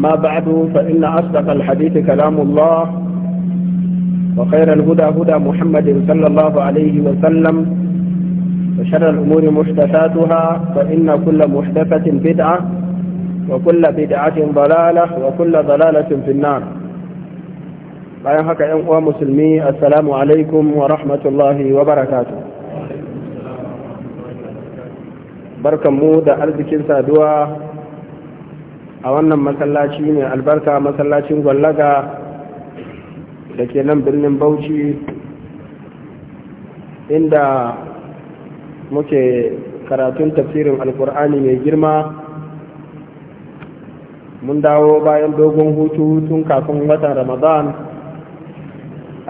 أما بعد فإن أصدق الحديث كلام الله وخير الهدى هدى محمد صلى الله عليه وسلم وشر الأمور محدثاتها فإن كل محدثة بدعة وكل بدعة ضلالة وكل ضلالة في النار لا ينحك ‘yan uwa musulmi assalamu alaikum wa rahmatullahi wa barakatu barkanmu da arzikin a wannan masallaci ne albarka masallacin gwallaga da ke nan birnin bauchi inda muke karatun tafsirin alkur'ani mai girma mun dawo bayan dogon hutu tun kafin watan ramadan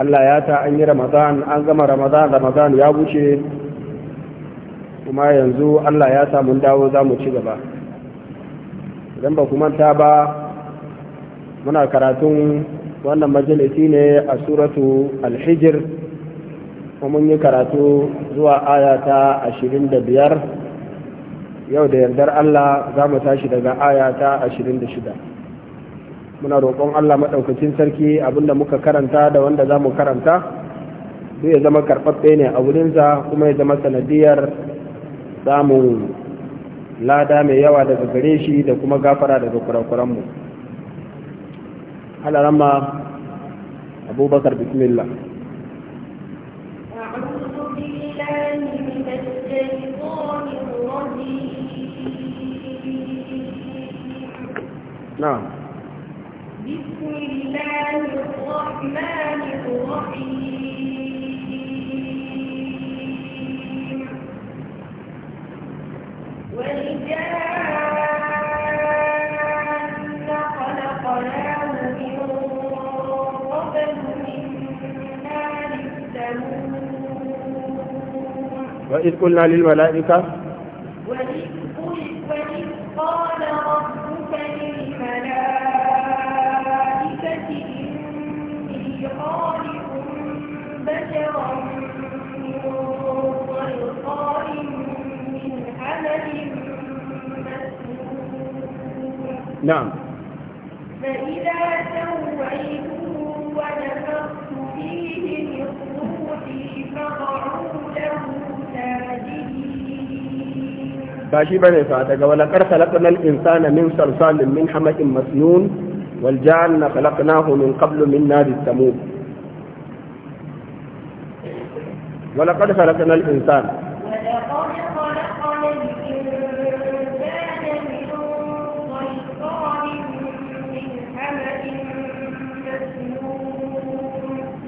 allah ya ta an yi ramadan an gama ramadan ramadan ya wuce kuma yanzu allah ya ta mun dawo za mu ci gaba idan ba kuma ta ba muna karatun wannan majalisi ne a suratu alhijir mun yi karatu zuwa ayata ta ashirin da biyar yau da yardar Allah za mu tashi daga aya ta ashirin da shida muna roƙon Allah maɗaukacin sarki abinda muka karanta da wanda za mu karanta zai zama karɓaɓɓe ne a wurinsa kuma ya zama sanadiyar samun lada mai yawa daga gare shi da kuma gafara daga kurakuranmu halarama abubakar bismillah نعم بسم الله الرحمن الرحيم وإذ قلنا للملائكة وإذ وإذ قال ربك للملائكة إني خالق بشرا من من حمل مسلول نعم فإذا ba shi bane fa daga wala kar khalaqnal insana min salsalin min hamakin masnun wal janna khalaqnahu min qablu min nadi samum wala kar khalaqnal insana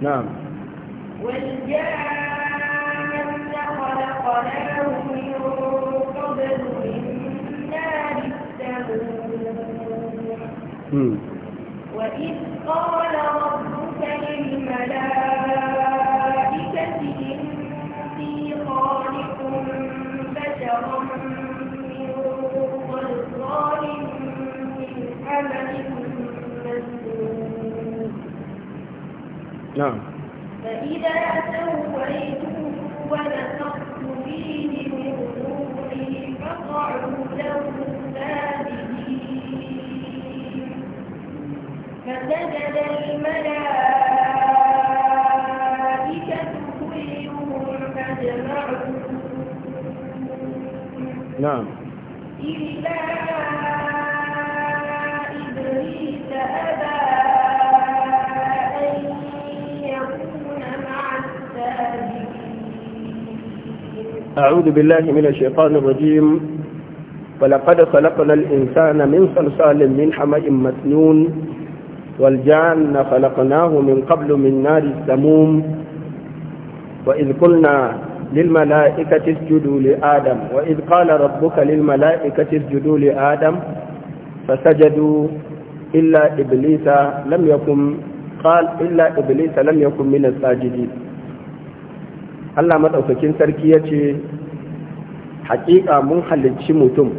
نعم نعم إلا إبليس أبى أن يكون مع أعوذ بالله من الشيطان الرجيم ولقد خلقنا الإنسان من صلصال من حمأ مسنون والجان خلقناه من قبل من نار السموم وإذ قلنا للملائكة اسجدوا لآدم وإذ قال ربك للملائكة اسجدوا لآدم فسجدوا إلا إبليس لم يكن قال إلا إبليس لم يكن من الساجدين Allah maɗaukakin sarki ya ce haƙiƙa mun halicci mutum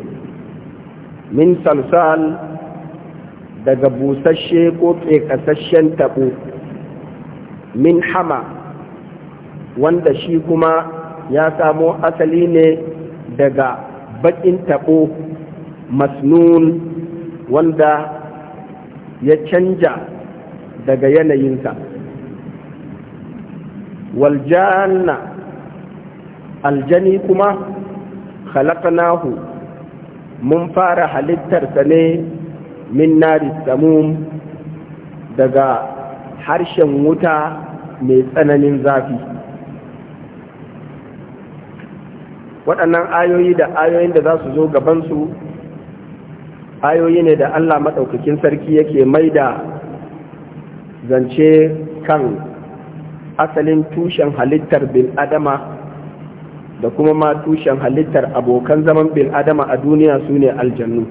min salsal daga busasshe ko tsekasashen taɓo min hama wanda shi kuma ya samo asali ne daga baƙin taɓo masnun wanda ya canja daga yanayinsa waljanna aljani kuma khalaqnahu mun fara halittarsa ne min nari samum daga harshen wuta mai tsananin zafi waɗannan ayoyi da ayoyin da za su zo gabansu ayoyi ne da allah maɗaukakin sarki yake mai da zance kan asalin tushen halittar bil adama da kuma ma tushen halittar abokan zaman bil adama a duniya su ne aljannu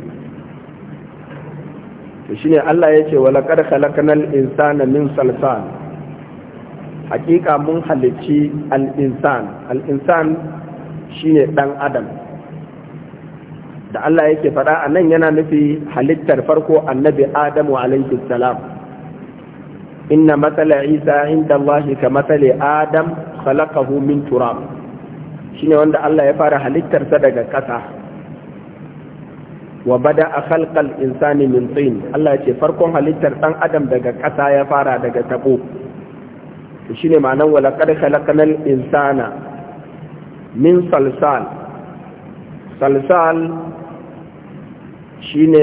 to shine Allah ya ce wala kad khalaqnal insana min salsal hakika mun halici al-insan al-insan shine dan adam da Allah yake faɗa a nan yana nufi halittar farko annabi Adamu alaihi salam inna matsala Isa inda Allah ka matsala Adam khalaqahu min turab shine wanda Allah ya fara halittarsa daga ƙasa wa bada a khalqal insani min tin Allah ce farkon halittar dan adam daga ƙasa ya fara daga tabo to ne ma'anar wa qad khalaqnal insana min salsal salsal shine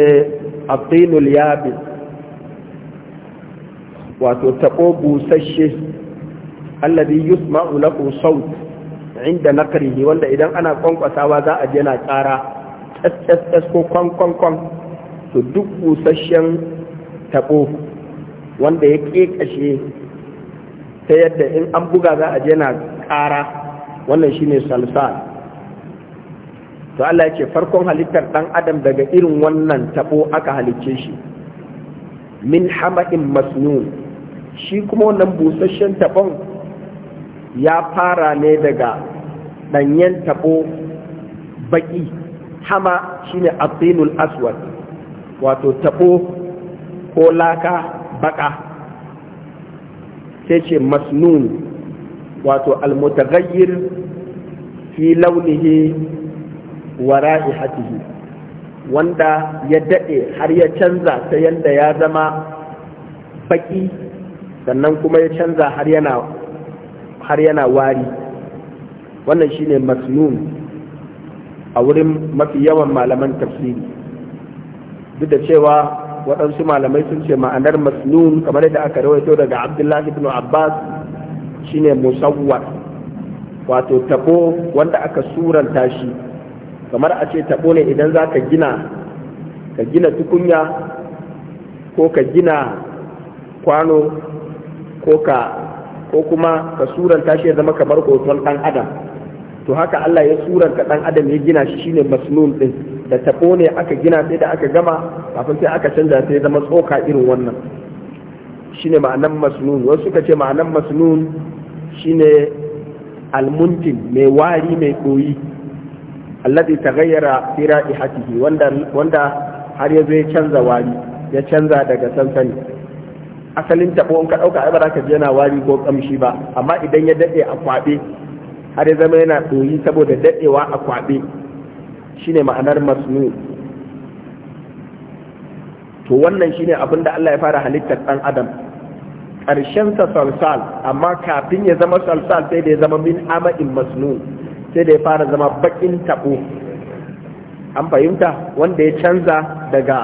atinul yabis wato tabo busasshe alladhi yusma'u lahu sawt inda nakrihi wanda idan ana kwankwasawa za a je na tsara SSS ko kwankwankwan su duk busasshen taɓo wanda ya ƙeƙashe ta yadda in an buga za a je na ƙara wannan shine salsal to Allah ya ce farkon halittar ɗan adam daga irin wannan taɓo aka halicce shi min hama'in masnu shi kuma wannan busasshen taɓon ya fara ne daga ɗanyen taɓo baƙi hama shine atinul aswad wato tabo ko laka baka sai ce masnun wato almutaghayyir fi launihi wa ra'ihatihi wanda ya dade har ya canza ta yanda ya zama baki sannan kuma ya canza har yana har yana wari wannan shine masnun a wurin mafi yawan malaman tafsiri duk da cewa waɗansu malamai sun ce ma'anar masnun kamar yadda aka rawaito daga abdullahi ibn abbas shine musawwar wato tabo wanda aka suranta shi kamar a ce tabo ne idan za ka gina ka gina tukunya ko ka gina kwano ko ka ko kuma ka suranta shi ya zama kamar hoton ɗan adam to haka Allah ya ka dan adam ya gina shi shine masnun din da tabo ne aka gina sai da aka gama kafin sai aka canza sai zama tsoka irin wannan shine ma'anan masnun wasu suka ce ma'anan masnun shine almuntin mai wari mai koyi alladhi taghayyara fi ra'ihatihi wanda wanda har yazo ya canza wari ya canza daga sansani asalin tabo in ka dauka ai ba za ka je yana wari ko kamshi ba amma idan ya dade a kwabe har ya zama yana ɗoyi saboda daɗewa a kwaɓe shine ma'anar masnu to wannan shine abin da Allah ya fara halittar ɗan adam ƙarshensa salsal amma kafin ya zama salsal sai da ya zama min ama'in masnu sai da ya fara zama baƙin taɓo an fahimta wanda ya canza daga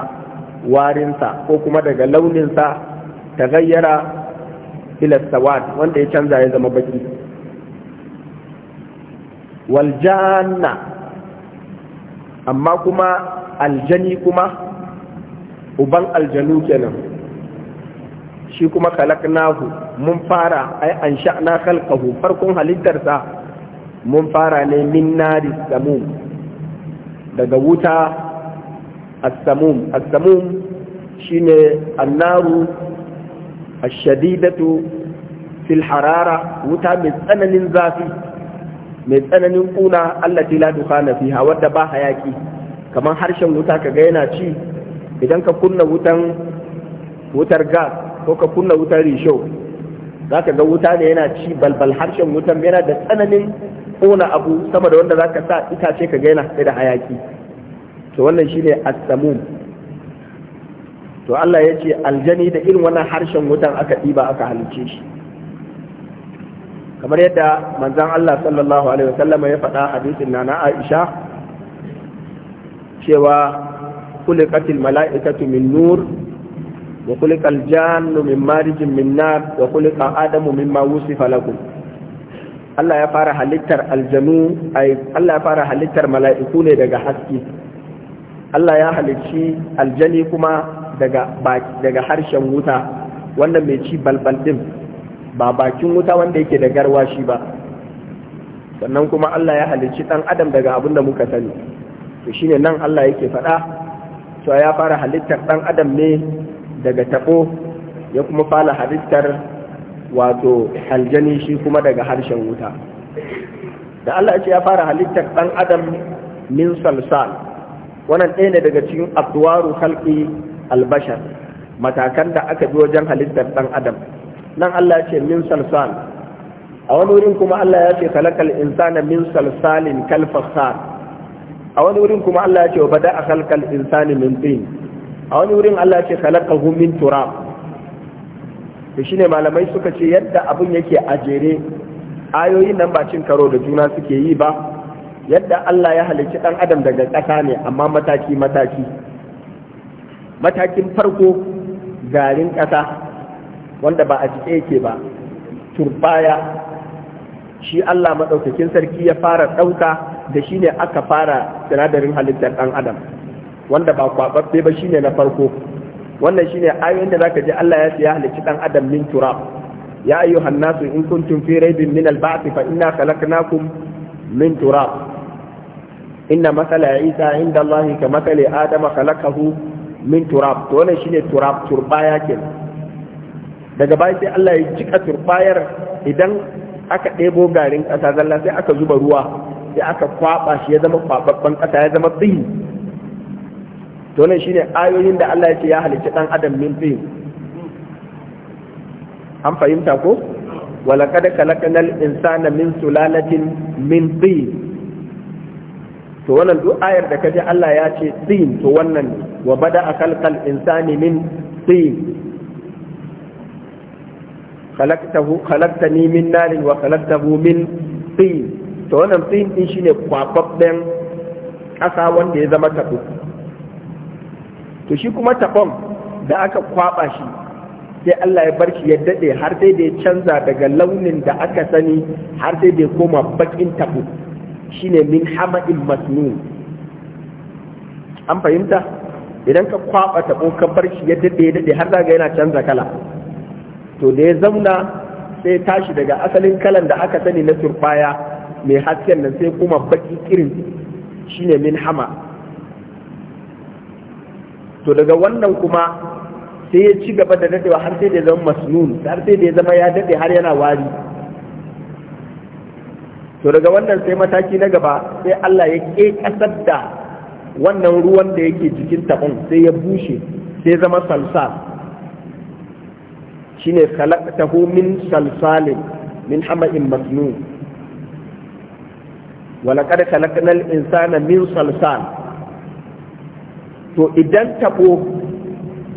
warinsa ko kuma daga launinsa ta gayyara ila sawad wanda ya canza ya zama baƙi waljanna amma kuma aljani kuma uban aljanu kenan shi kuma kalaknahu mun fara ai an sha'na khalqahu farkon halittarsa mun fara ne min nari samum daga wuta as-samum as-samum shine annaru ash-shadidatu fil harara wuta mai tsananin zafi mai tsananin kuna allati la dukhana fiha wadda ba hayaki kamar harshen wuta ka ga yana ci idan ka kunna wutan wutar gas ko ka kunna wutar risho za ka ga wuta ne yana ci balbal harshen wutan yana da tsananin kuna abu sama da wanda za ka sa itace ka ga yana da hayaki to wannan shine as-samum to Allah ya ce aljani da irin wannan harshen wutan aka ɗiba aka halice shi kamar yadda manzan Allah sallallahu alaihi wasallam ya faɗa hadisin na na Aisha cewa kulikatil mala'ikatu min nur wa kulikal jannu min marijin min nar wa kulika adamu min wusifa lakum Allah ya fara halittar aljanu ai Allah ya fara halittar mala'iku ne daga haske Allah ya halicci aljani kuma daga harshen wuta wannan mai ci balbal din ba bakin wuta wanda yake da garwashi ba sannan kuma Allah ya halicci ɗan adam daga abin da muka sani to shine nan Allah yake faɗa to ya fara halittar dan adam ne daga tabo ya kuma fara halittar wato aljani shi kuma daga harshen wuta da Allah ya ce ya fara halittar dan adam min salsal wannan ɗaya ne daga cikin abduwaru halƙi albashar matakan da aka bi wajen halittar ɗan adam nan Allah ya ce min salsal a wani wurin kuma Allah ya ce kalakal insana min salsalin kal fakhar a wani wurin kuma Allah ya ce wa bada'a khalqal insani min tin a wani wurin Allah ya ce khalaqahu min turab to shine malamai suka ce yadda abun yake a jere ayoyin nan ba cin karo da juna suke yi ba yadda Allah ya halicci dan adam daga ƙasa ne amma mataki mataki matakin farko garin ƙasa wanda ba a jike yake ba turbaya shi Allah maɗaukakin sarki ya fara ɗauka da shi ne aka fara sinadarin halittar ɗan adam wanda ba kwaɓaɓɓe ba shi ne na farko wannan shi ne ayoyin da zaka ji Allah ya siya halicci ɗan adam min turab ya ayyu hannasu in kuntum fi raibin min al fa inna khalaqnakum min turab inna masala isa inda Allah ka masala adama khalaqahu min turab to wannan shine turab turbaya kenan daga baya sai Allah ya cika turbayar idan aka ɗebo garin ƙasa zalla sai aka zuba ruwa sai aka kwaɓa shi ya zama kwaɓaɓɓen ƙasa ya zama tsihi to nan shine ayoyin da Allah ya ce ya halicci ɗan adam min tsihi an fahimta ko walaqad khalaqnal insana min sulalatin min tsihi to wannan duk ayar da kaje Allah ya ce tsihi to wannan wa bada khalqal insani min tsihi khalaqtahu khalaqtani min narin wa khalaqtahu min tin to wannan tin din shine kwababben ƙasa wanda ya zama tabo to shi kuma tabon da aka kwaba shi sai Allah ya bar shi ya dade har sai da ya canza daga launin da aka sani har sai da ya koma bakin tabo shine min hama'in masnun an fahimta idan ka kwaba tabo ka bar shi ya dade ya dade har zaga yana canza kala to da ya zauna sai tashi daga asalin kalan da aka sani na turfaya mai hasken nan sai kuma baki irin shine min hama to daga wannan kuma sai ya ci gaba da dadewa har sai da ya zama masnun har sai da ya zama ya dade har yana wari to daga wannan sai mataki na gaba sai Allah ya ke kasar da wannan ruwan da yake jikin tabon sai ya bushe sai zama salsal shine khalaqtahu min salsalin min hama'in masnun walaqad khalaqnal insana min salsal to idan tabo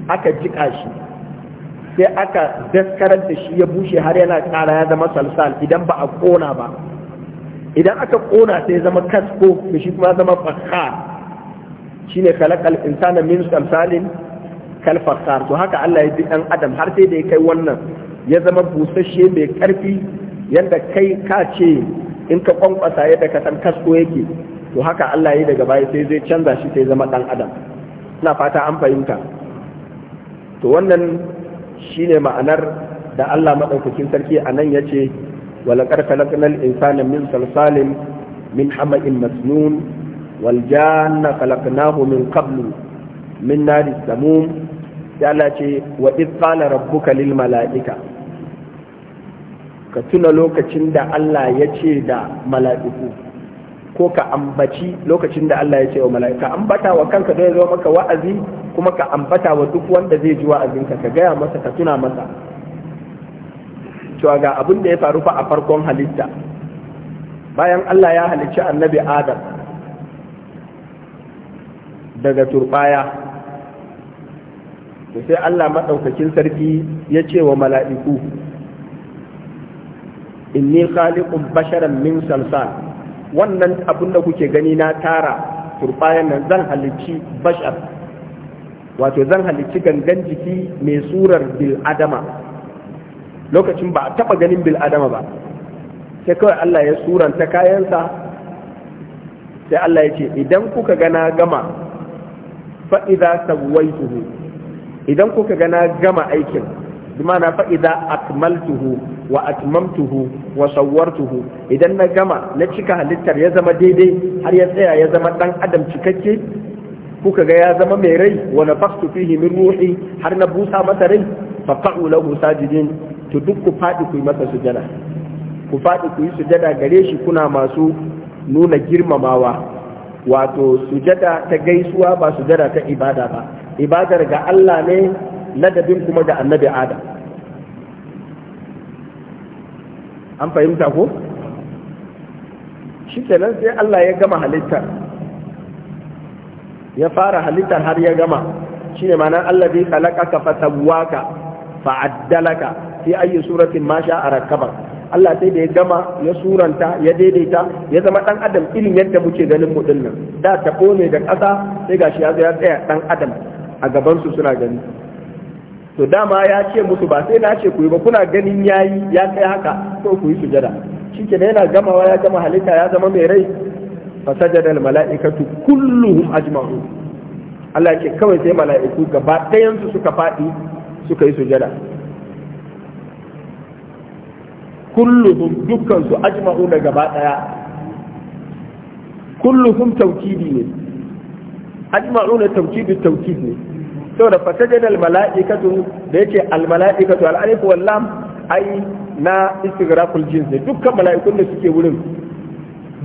aka jika shi sai aka daskarar da shi ya bushe har yana kara ya zama salsal idan ba a kona ba idan aka kona sai ya zama kasko to shi kuma zama fakhar shine khalaqal insana min salsalin kalfakar to haka Allah ya bi dan adam har sai da ya kai wannan ya zama busasshe mai karfi yadda kai ka ce in ka kwankwasa yadda ka san kasko yake to haka Allah ya daga baya sai zai canza shi sai zama dan adam ina fata an fahimta to wannan shine ma'anar da Allah madaukakin sarki a nan ya ce walaqad khalaqnal insana min salsalin min hama'in masnun wal janna min qablu min nari samum ya Allah ce wa qala rabbuka lil mala'ika ka tuna lokacin da Allah ya ce da mala'iku ko ka ambaci lokacin da Allah ya ce wa mala'ika ambata wa kanka zai zo maka wa'azi kuma ka ambata wa duk wanda zai ji wa'azinka ka gaya masa ka tuna masa cewa ga abin da ya faru fa a farkon halitta bayan Allah ya halicci annabi Adam daga turbaya sai Allah maɗaukakin sarki ya ce wa mala'iku inni khaliqun basharan min salsal wannan abin da kuke gani na tara turbayan nan zan halicci bashar wato zan halicci gangan jiki mai surar bil adama lokacin ba a taba ganin bil adama ba sai kawai Allah ya suranta kayansa sai Allah ya ce idan kuka gana gama fa'iza sabuwaituhu idan kuka ga na gama aikin na fa idza akmaltuhu wa atmamtuhu wa sawartuhu idan na gama na cika halittar ya zama daidai har ya tsaya ya zama dan adam cikakke kuka ga ya zama mai rai wa fastu fihi min ruhi har na busa masa rai fa fa'u lahu sajidin to duk ku fadi ku masa sujada ku fadi ku yi sujada gare shi kuna masu nuna girmamawa wato sujada ta gaisuwa ba sujada ta ibada ba ibadar ga Allah ne ladabin kuma ga annabi adam an fahimta ko shi kenan sai Allah ya gama halittar ya fara halittar har ya gama shi ne mana Allah zai ka fatawaka fa'addalaka sai ayi suratin ma sha a rakabar Allah sai da ya gama ya suranta ya daidaita ya zama ɗan adam irin yadda muke ganin mu nan da taɓo ne da ƙasa sai gashi ya zo ya tsaya dan adam a gabansu suna gani to dama ya ce musu ba sai na ce ku yi ba kuna ganin yayi ya kai haka to ku yi sujada shi ke yana gamawa ya gama halitta ya zama mai rai fa sajada al mala'ikatu kulluhum ajma'u Allah ce kawai sai mala'iku gaba ɗayan su suka faɗi suka yi sujada kulluhum dukkan su da gaba ɗaya kulluhum tawkidi ne na tawkidi tawkidi ne saboda fasajada almala'ikatu da yake almala'ikatu al'arifu wallam ai na istighraqul jins dukkan mala'ikun da suke wurin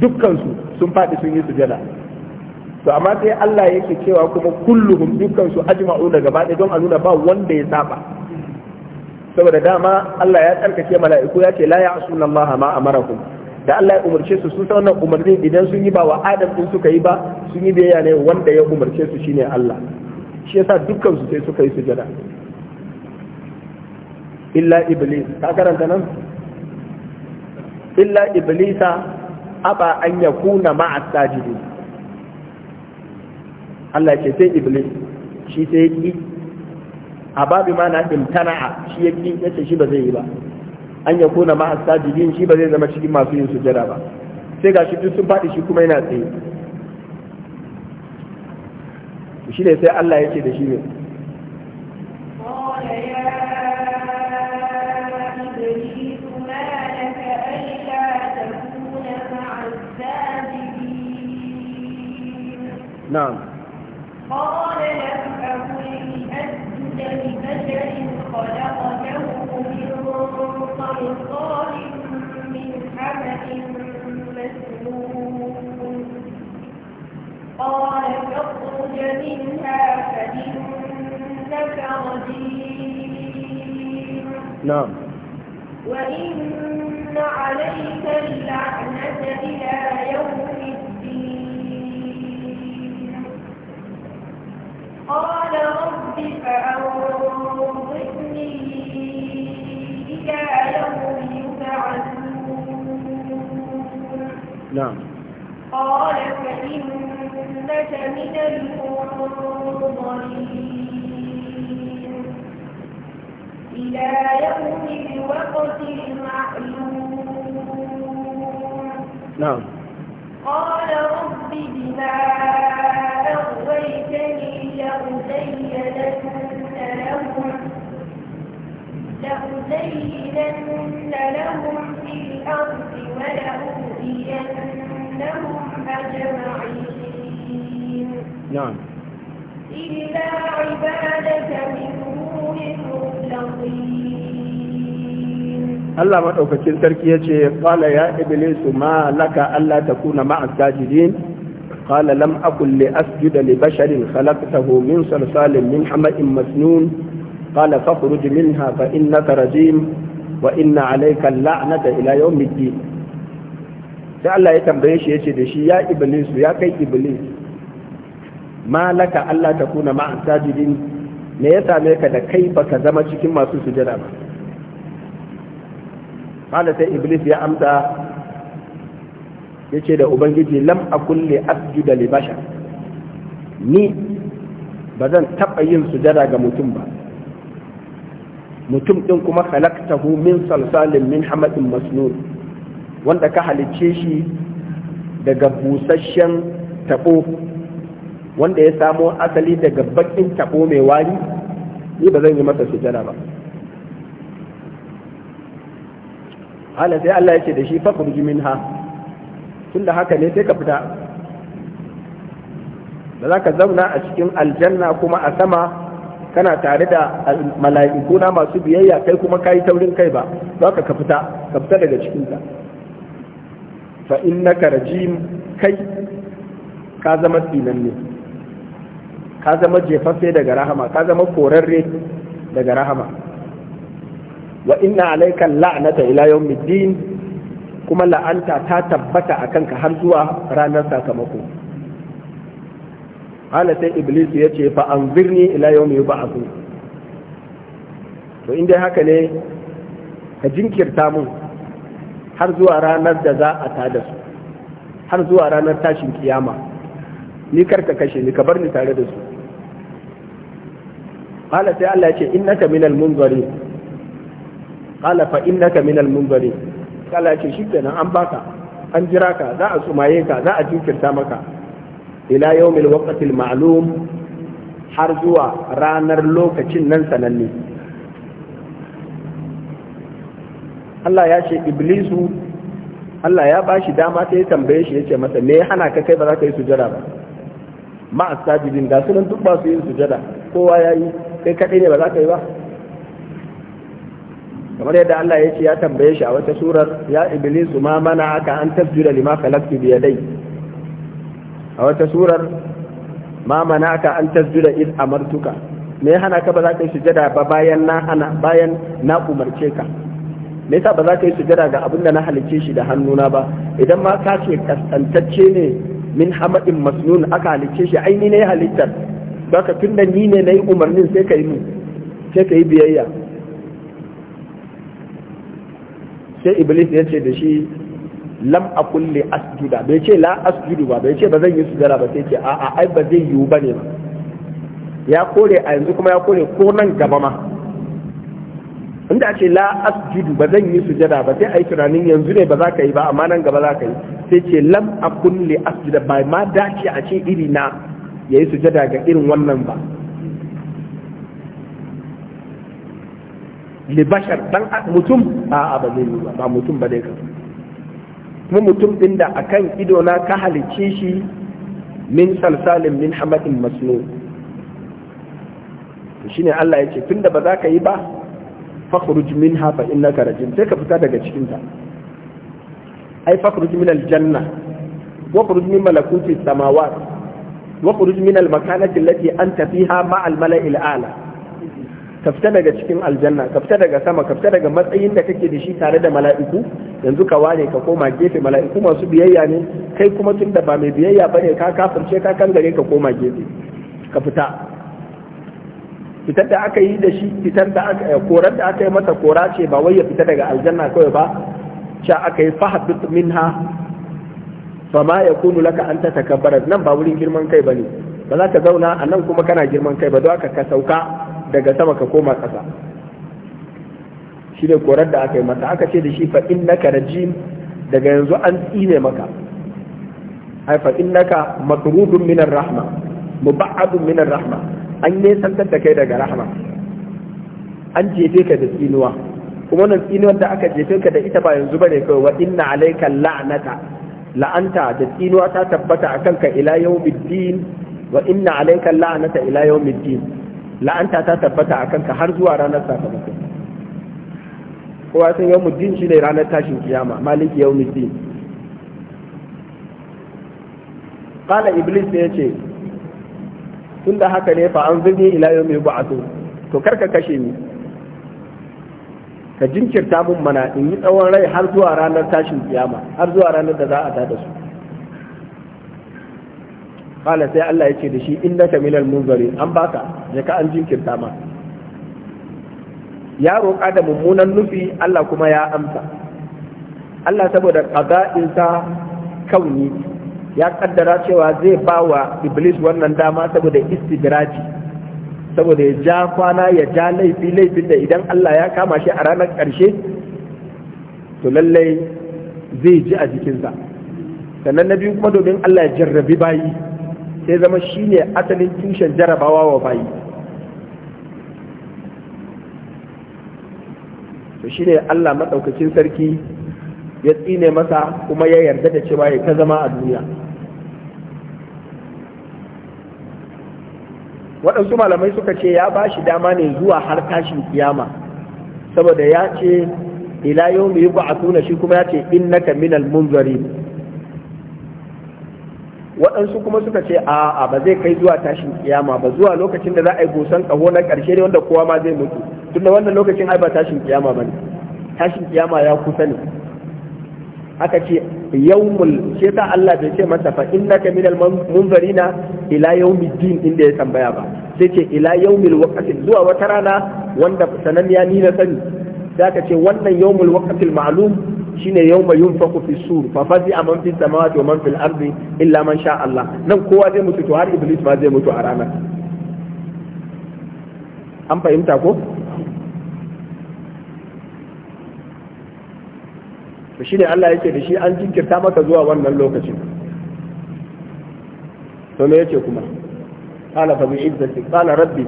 dukkansu sun fadi sun yi sujada to amma sai Allah yake cewa kuma kulluhum dukkan su ajma'u da baɗe don a nuna ba wanda ya saba saboda dama Allah ya tsarkake mala'iku ya ce la ya'suna Allah ma amarakum da Allah ya umarce su sun wannan umarni idan sun yi ba wa Adam din suka yi ba sun yi biyayya ne wanda ya umarce su shine Allah shi yasa dukkan su sai suka yi sujada illa iblis ta karanta nan illa iblisa aba an yakuna ma'a sajidi Allah ce sai iblis shi sai yi ki a babu ma na imtana'a shi ya ki yace shi ba zai yi ba an yakuna ma'a sajidin shi ba zai zama cikin masu yin sujada ba sai ga shi duk sun faɗi shi kuma yana tsaye shi ne sai Allah yake da shi ne na'am منها فإنك رجيم نعم وإن عليك اللعنة إلى يوم الدين قال رب فأنظرني إلى يوم يبعثون نعم قال فإنك لك من المنظرين إلى يوم الوقت المعلوم نعم قال رب بما أغويتني لأزينن لهم لأزينن لهم في الأرض ولأغوينهم أجمعين نعم إلا عبادك Allah maɗaukacin sarki ya ce, Kala ya Iblisu ma laka Allah ta kuna ma'a sajidin, Kala lam akun li asjuda li basharin khalaqtahu min salsalin min hama'in masnun, Kala fakhruj minha fa inna ka rajim wa inna alayka la'nata ila yawmiddin. Sai Allah ya tambaye shi ya ce da shi ya Iblisu ya kai Iblisu. malaka Allah ta kuna ma'an sajidin me ya same ka da kai ba ka zama cikin masu sujada ba kala sai iblis ya amsa ya ce da ubangiji lam a kulle asjuda li bashar ni ba zan taɓa yin sujada ga mutum ba mutum ɗin kuma halaktahu min salsalin min hamadin masnun wanda ka halicce shi daga busasshen taɓo wanda ya samo asali daga bakin tabo mai wari ni ba zan yi masa sujada ba hala sai Allah ya da shi fa fakhruj minha tunda haka ne sai ka fita da za zauna a cikin aljanna kuma a sama kana tare da mala'iku na masu biyayya kai kuma kayi taurin kai ba za ka fita ka fita daga cikinta fa innaka rajim kai ka zama tsinan ka zama jefaffe daga rahama ka zama korarre daga rahama wa inna alaikan la'nata ila yawmiddin kuma la'anta ta tabbata a kanka har zuwa ranar sakamako Hala sai iblis ya ce fa an birni ila yau mai to inda haka ne ka jinkirta mun har zuwa ranar da za a tada su har zuwa ranar tashin kiyama ni karka kashe ni ka bar ni tare da su qala sai Allah ya ce innaka minal munzari qala fa innaka minal munzari Allah ya ce shikenan an baka an jira ka za a sumaye ka za a jinkirta maka ila yawmil har zuwa ranar lokacin nan sananne Allah ya ce iblisu Allah ya bashi dama sai ya tambaye shi yace masa me hana ka kai ba za ka yi sujada ba ma asajidin ga sunan duk ba su yin sujada kowa yayi kai kaɗai ne ba za ka yi ba kamar yadda Allah ya ce ya tambaye shi a wata surar ya iblisu ma mana aka an tasjuda lima khalaqtu bi yaday a wata surar ma mana aka an tasjuda id amartuka me ya hana ka ba za ka yi sujada ba bayan na hana bayan na umarce ka me yasa ba za ka yi sujada ga abin da na halicce shi da hannuna ba idan ma ka ce kasantacce ne min hamadin masnun aka halicce shi aini ne halittar baka tun da ni ne na yi umarnin sai ka yi mu sai ka yi biyayya sai iblis ya ce da shi lam a kulle asjuda bai ce la asjudu ba bai ce ba zan yi sujara ba sai ce a a ai ba zai yiwu ba ne ba ya kore a yanzu kuma ya kore ko nan gaba ma inda ce la asjudu ba zan yi sujada ba sai ai tunanin yanzu ne ba za ka yi ba amma nan gaba za ka yi sai ce lam a kulle asjuda ba ma dace a ce iri na ya yi sujada ga irin wannan ba libashar dan mutum a ba zai ba ba mutum ba dai ka kuma mutum din da akan ido na ka halicce shi min salsalin min hamadin masnu ne Allah ya ce tunda ba za ka yi ba fakhruj minha fa innaka rajim sai ka fita daga cikin ta ai fakhruj min aljanna wa khruj min malakuti samawati wakhruj min al-makanati allati anta fiha ma al-mala'il a'la ka fita daga cikin aljanna ka fita daga sama ka fita daga matsayin da kake da shi tare da mala'iku yanzu ka ware ka koma gefe mala'iku masu biyayya ne kai kuma tun da ba mai biyayya bane ka kafirce ka kangare ka koma gefe ka fita fitar da aka yi da shi fitar da aka korar da aka yi masa kora ce ba wai ya fita daga aljanna kawai ba sha aka yi fahadut minha fa ma kunu laka an tatakabbara nan ba wurin girman kai ba ne. ba za ka zauna a nan kuma kana girman kai ba don haka ka sauka daga sama ka koma ƙasa shi ne korar da aka yi mata. aka ce da shi fa innaka rajim daga yanzu an tsine maka ai fa innaka makrudun minar rahma mubadun minar rahma an ne santar da kai daga rahma an jefe ka da tsinuwa kuma wannan tsinuwar da aka jefe ka da ita ba yanzu bane kawai wa inna alayka la'nata la'anta da tsinuwa ta tabbata a kanka ila yawmiddin wa inna alayka la'nata ila yawmiddin la'anta ta tabbata a kanka har zuwa ranar sakamako kowa yau san shi ne ranar tashin kiyama maliki yawmiddin qala iblis ne ce, tun da haka ne fa an zubi ila mai ba'athu to karka kashe ni ka jinkirta mun mana in yi tsawon rai har zuwa ranar tashin kiyama har zuwa ranar da za a tada su kala sai Allah ya ce da shi ka minal munzari an baka je ka an jinkirta ma ya roƙa da mummunan nufi Allah kuma ya amsa Allah saboda qada'insa kauni ya kaddara cewa zai ba wa iblis wannan dama saboda istidraji saboda ya ja kwana ya ja laifi laifin da idan Allah ya kama shi a ranar ƙarshe to lallai zai ji a jikinsa sannan na biyu kuma domin Allah ya jarrabi bayi sai zama shi ne asalin tushen jarabawa wa bayi to shi ne Allah maɗaukacin sarki ya tsine masa kuma ya yarda da cewa ya ta zama a duniya waɗansu malamai suka ce ya ba shi dama ne zuwa har tashin kiyama saboda ya ce ila yau mu yi tuna shi kuma ya ce na minal munzari waɗansu kuma suka ce a'a ba zai kai zuwa tashin kiyama ba zuwa lokacin da za a yi gosan ƙaho na ƙarshe ne wanda kowa ma zai mutu tunda wannan lokacin ai ba tashin kiyama ba ne tashin kiyama ya kusa ne aka ce yawmul shi ta Allah bai ce masa fa innaka minal munzarina ila yawmi din inda ya tambaya ba sai ce ila yawmil waqti zuwa wata rana wanda sanan ni na sani sai aka ce wannan yawmul waqtil ma'lum shine yawma yunfaku fi sur fa fazi aman fi samawati wa man fil ardi illa man sha Allah nan kowa zai mutu to har iblis ma zai mutu a ranar an fahimta ko to shine Allah yake da shi an jinkirta maka zuwa wannan lokacin to me yace kuma qala fa bi izzati qala rabbi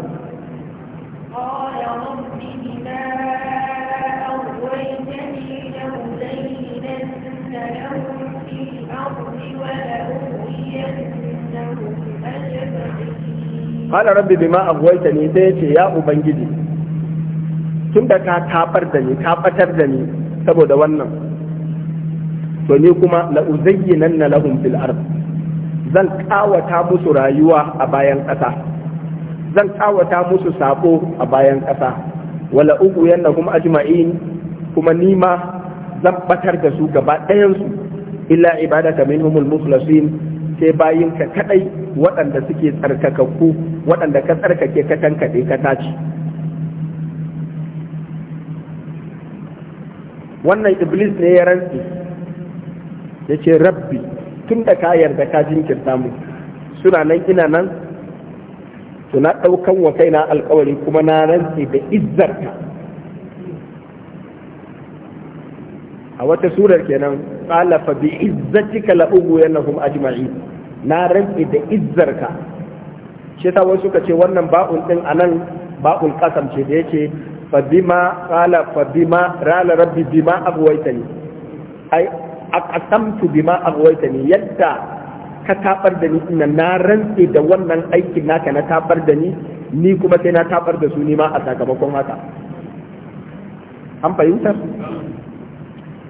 Hala rabbi bima agwaita ni sai yace ya ubangiji tunda ka kafar da ni ka fatar da ni saboda wannan to ni kuma la uzayyinanna lahum fil ard zan kawata musu rayuwa a bayan ƙasa zan kawata musu sako a bayan ƙasa wala ugu yannakum ajma'in kuma ni ma zan batar da su gaba ɗayan su illa ibadaka minhumul mukhlasin sai bayin ka kadai waɗanda suke tsarkakakku waɗanda ka tsarkake ka tankaɗe ka tace wannan iblis ne ya rantsi ya ce rabbi tun da ka yarda ka jinkirta mu suna nan ina nan to na ɗaukan wa kaina alkawari kuma na rantse da izzarka a wata surar kenan qala fa bi izzatika la ughwiyannahum ajma'in na rantse da izzarka shi ta wasu suka ce wannan ba'un din anan ba'un kasam ce da yake fa bima qala fa bima rala rabbi bima aghwaytani ai aqsamtu bima aghwaytani yadda ka tabar da ni ina na rantse da wannan aikin naka na tabar da ni ni kuma sai na tabar da su ni ma a sakamakon haka an fahimta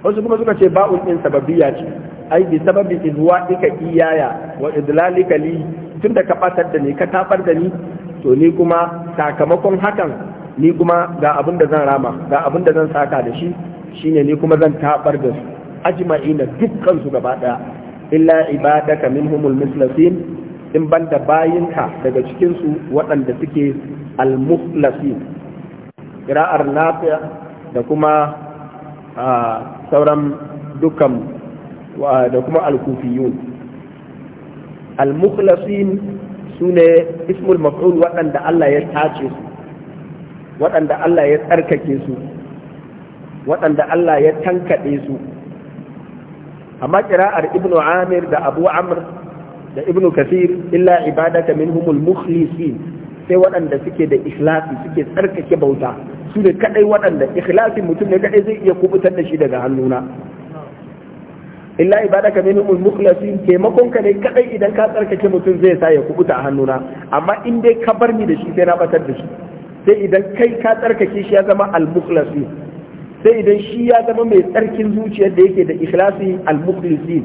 wasu kuma suka ce ba'un din sababiyya ce ai bi sababi izwa'ika iyaya wa idlalika li tunda ka batar da ni ka tabar da ni to ni kuma sakamakon hakan ni kuma ga abin da zan rama ga abin da zan saka da shi shine ni kuma zan tabar da su ajma'ina dukkan su gaba daya illa ibadaka minhumul muslimin in banda bayinka daga cikin su waɗanda suke al muslimin qira'ar nafi'a da kuma sauran dukkan da kuma al-kufiyun al muslimin sune ismul maf'ul waɗanda Allah ya tace su waɗanda Allah ya tsarkake su waɗanda Allah ya tankade su amma kira'ar ibn amir da abu amr da ibn kasir illa ibadaka minhumul mukhlisin sai waɗanda suke da ikhlasi suke tsarkake bauta su ne kadai waɗanda ikhlasi mutum ne kadai zai iya kubutar da shi daga hannuna illa ibadaka minhumul mukhlasin taimakon ka ne kadai idan ka tsarkake mutum zai sa ya kubuta a hannuna amma in dai ka bar ni da shi sai na batar da shi sai idan kai ka tsarkake shi ya zama al mukhlisin sai idan shi ya zama mai tsarkin zuciyar da yake da ikhlasi al-mukhlisin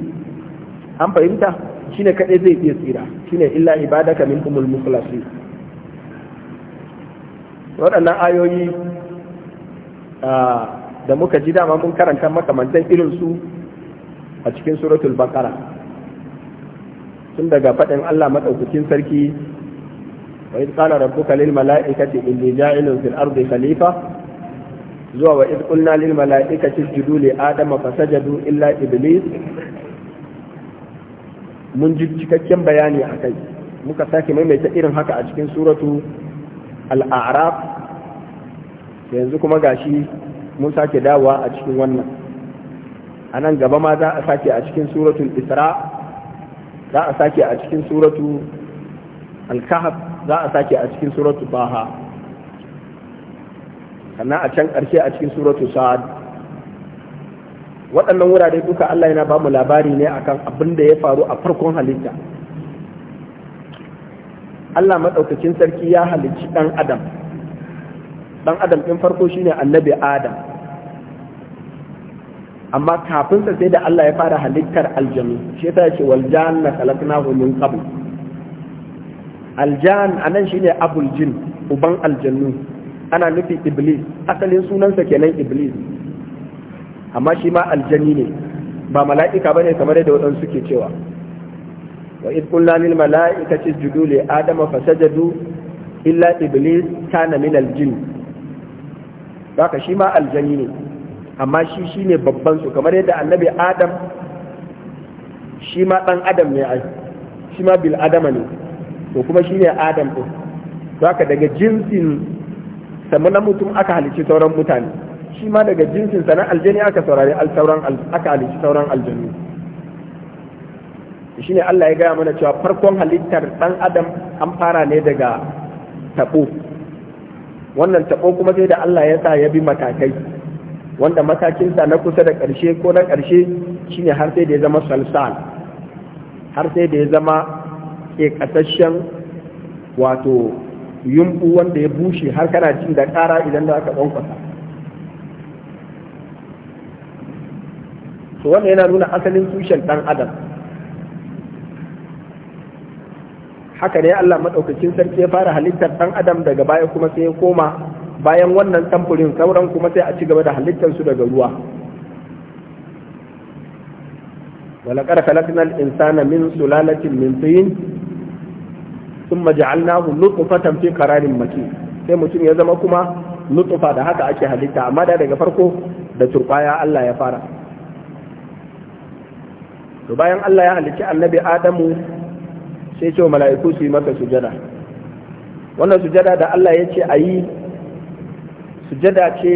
an fahimta shine kadai zai iya tsira shine illa ibadaka minkumul mukhlasin waɗannan ayoyi da muka ji dama mun karanta makamantan irin su a cikin suratul baqara tun daga faɗin Allah madaukakin sarki wa idh qala rabbuka lil mala'ikati inni ja'ilun fil ardi khalifa zuwa wa iz qulna lil mala'ikati isjudu li adama fasajadu illa iblis mun ji cikakken bayani a kai muka sake maimaita irin haka a cikin suratu al-a'raf yanzu kuma gashi mun sake dawowa a cikin wannan a nan gaba ma za a sake a cikin suratul isra za a sake a cikin suratu al-kahf za a sake a cikin suratu baha sannan a can ƙarshe a cikin suratu sa'ad waɗannan wurare duka Allah yana ba mu labari ne akan abin da ya faru a farkon halitta Allah maɗaukacin sarki ya halicci ɗan adam ɗan adam ɗin farko shine annabi adam amma kafinsa sai da Allah ya fara halittar aljanu shi ta ce wal janna khalaqnahu min qabl aljan anan shine abul jin uban aljannu ana nufi iblis asalin sunansa kenan iblis amma shi ma aljani ne ba mala'ika ba ne kamar yadda waɗansu ke cewa wa id qulna lil mala'ikati isjudu li adama fasajadu illa iblis kana min aljin haka shi ma aljani ne amma shi shine babban su kamar yadda annabi adam shi ma dan adam ne ai shi ma bil adama ne to kuma shine adam din haka daga jinsin na mutum aka halicci sauran mutane shi ma daga jinsin na aljani aka saurari sauran aka halicci sauran aljanu ne Allah ya gaya mana cewa farkon halittar dan adam an fara ne daga tabo wannan tabo kuma sai da Allah ya sa ya bi matakai wanda matakinsa na kusa da ƙarshe ko na ƙarshe shine har sai da ya zama salsal har sai da ya zama ƙeƙasashen wato yumbu wanda ya bushe har kana jin da kara idan da aka ɗaukaka Su wanda yana nuna asalin tushen ɗan adam haka ne Allah maɗaukacin sarki ya fara halittar ɗan adam daga baya kuma sai ya koma bayan wannan samfurin sauran kuma sai a ci gaba da halittarsu daga ruwa ولقد خلقنا الإنسان من سلالة من طين thumma ja'alnahu nutfatan fi karanin makin sai mutum ya zama kuma nutfa da haka ake halitta amma da daga farko da turbaya Allah ya fara to bayan Allah ya halicci annabi Adamu sai ce mala'iku su yi masa sujada wannan sujada da Allah ya ce a yi sujada ce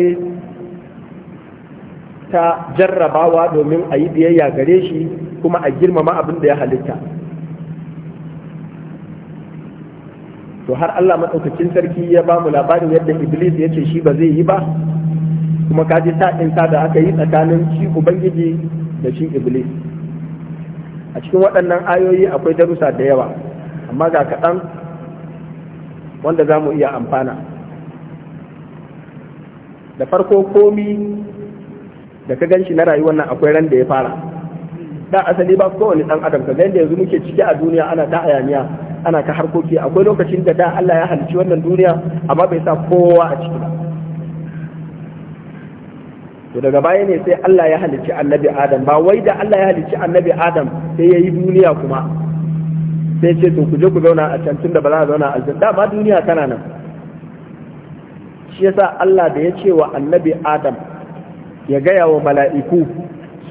ta jarrabawa domin a yi biyayya gare shi kuma a girmama abin da ya halitta to har Allah madaukakin sarki ya ba mu labarin yadda Iblis ya ce shi ba zai yi ba kuma kaji sa'in sa da aka yi tsakanin shi Ubangiji da shi Iblis a cikin waɗannan ayoyi akwai darussa da yawa amma ga kaɗan wanda za mu iya amfana da farko komi da ka ganshi na rayuwar nan akwai ran da ya fara da asali ba kowane ɗan adam ka ga yadda yanzu muke ciki a duniya ana ta hayaniya ana ta harkoki akwai lokacin da da Allah ya halicci wannan duniya amma bai sa kowa a ciki ba to daga baya ne sai Allah ya halicci annabi Adam ba wai da Allah ya halicci annabi Adam sai ya yi duniya kuma sai ce to ku je ku zauna a can tunda ba za a zauna a da dama duniya tana nan shi yasa Allah da ya ce wa annabi Adam ya gaya wa mala'iku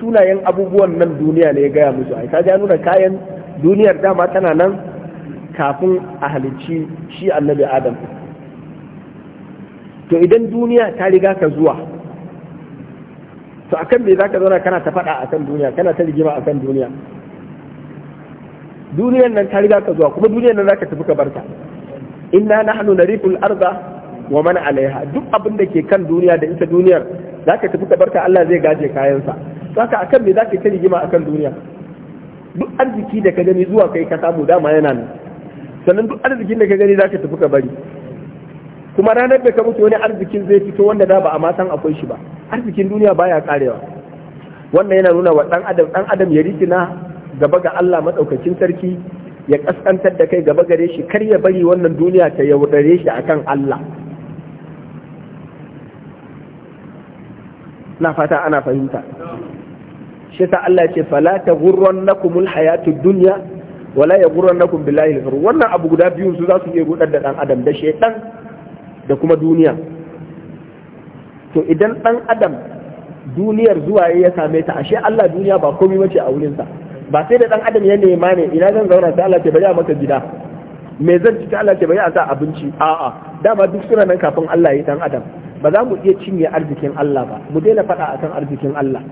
sunayen abubuwan nan duniya ne ya gaya musu ai ka nuna kayan duniyar dama tana nan kafin a halicci shi annabi adam to idan duniya ta riga ka zuwa to akan me za ka zauna kana ta faɗa akan duniya kana ta rigima akan duniya duniyar nan ta riga ka zuwa kuma duniyar nan za ka tafi ka barta inna nahnu nariful arda wa man alaiha duk abin da ke kan duniya da ita duniyar za ka tafi ka barta Allah zai gaje kayansa saka akan me za ka ta rigima akan duniya duk arziki da ka gani zuwa kai ka samu dama yana nan sannan duk arzikin da ka gani za ka tafi ka bari kuma ranar da ka mutu wani arzikin zai fito wanda da ba a matan akwai shi ba arzikin duniya baya karewa wannan yana nuna wa dan adam dan adam ya rikina gaba ga Allah madaukakin sarki ya kaskantar da kai gaba gare shi kar ya bari wannan duniya ta yaudare shi akan Allah na fata ana fahimta shi ta Allah ce fala ta gurron nakumul hayatud dunya wala ya na na billahi al wannan abu guda biyu su za su iya rudar da dan adam da shaidan da kuma duniya to idan ɗan adam duniyar zuwa ya same ta ashe Allah duniya ba komai mace a wurinsa ba sai da dan adam ya nema ne ina zan zauna sai Allah ke bari a maka gida me zan ci Allah ke bari a sa abinci a'a dama duk suna nan kafin Allah ya dan adam ba za mu iya cinye arzikin Allah ba mu daina faɗa akan arzikin Allah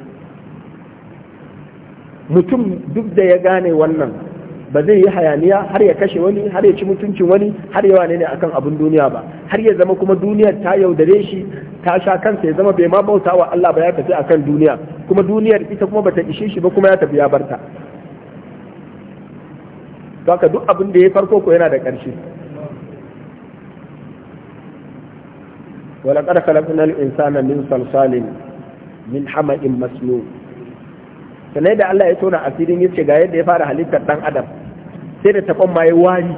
mutum duk da ya gane wannan ba zai yi hayaniya har ya kashe wani har ya ci mutuncin wani har ya wane ne akan abin duniya ba har ya zama kuma duniya ta yaudare shi ta sha kansa ya zama bai ma bauta wa Allah ba ya tafi akan duniya kuma duniyar ita kuma bata ishe shi ba kuma ya tafi ya barta haka duk abin da ya farko ko yana da ƙarshe qad khalaqnal insana min salsalin min hama'in masnun sanai da Allah ya tona asirin yace ga yadda ya fara halittar dan adam sai da taɓon ma ya wari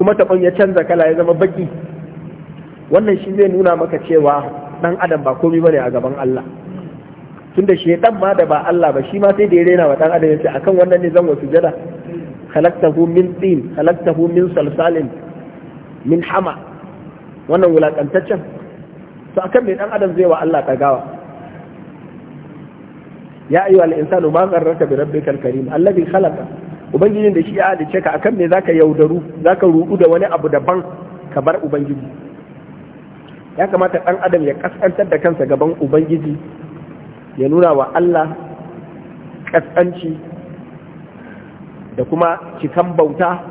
kuma taɓon ya canza kala ya zama baki wannan shi zai nuna maka cewa ɗan adam ba komi bane a gaban Allah tunda shi ɗan ma da ba Allah ba shi ma sai da ya rena wa ɗan adam ya ce akan wannan ne zan wasu jada, khalaqtahu min tin khalaqtahu min salsalin min hama wannan wulakantaccen to akan me ɗan adam zai wa Allah tagawa يا أيها الإنسان ما غرك بربك الكريم الذي خلقك ubangijin da shi ya halice ka akan me zaka yaudaru zaka rudu da wani abu daban ka bar ubangiji ya kamata dan adam ya kasantar da kansa gaban ubangiji ya nuna wa Allah kasanci da kuma cikan bauta